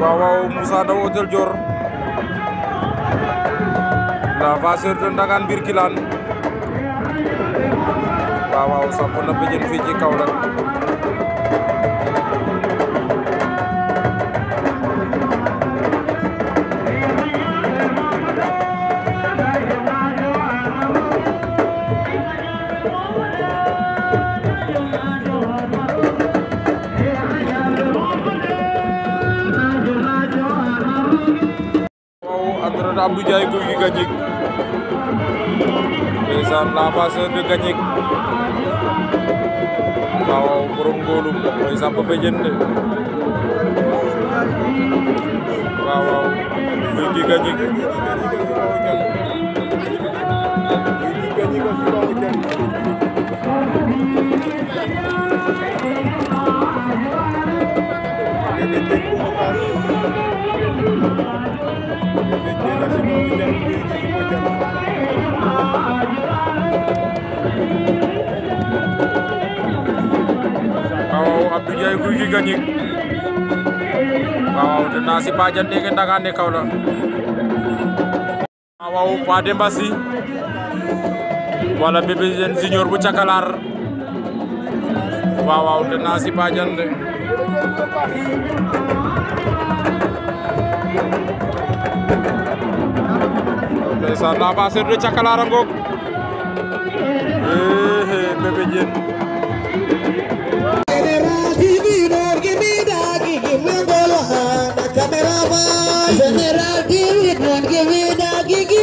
waaw waaw Moussa Ndaw Hôtel Dior Lavaseur de Ndangane Birkilane waaw waaw samp na bëjën entre Abdou Ndiaye Gouy Gui Gagnick ndeysaan la passeur de Gagnick waaw borom góolum mooy sàmp béjjën Abdou Ndiaye guy gi gañik waaw te na si ndege ndaga ne kaw la waaw Pa Demba wala Bébé Sène Junior bu cakalar waaw waaw danaa si de ndeysaan la passeur de cakalaara ngoog ehe bébé jeen General TV, don't give me that gigi.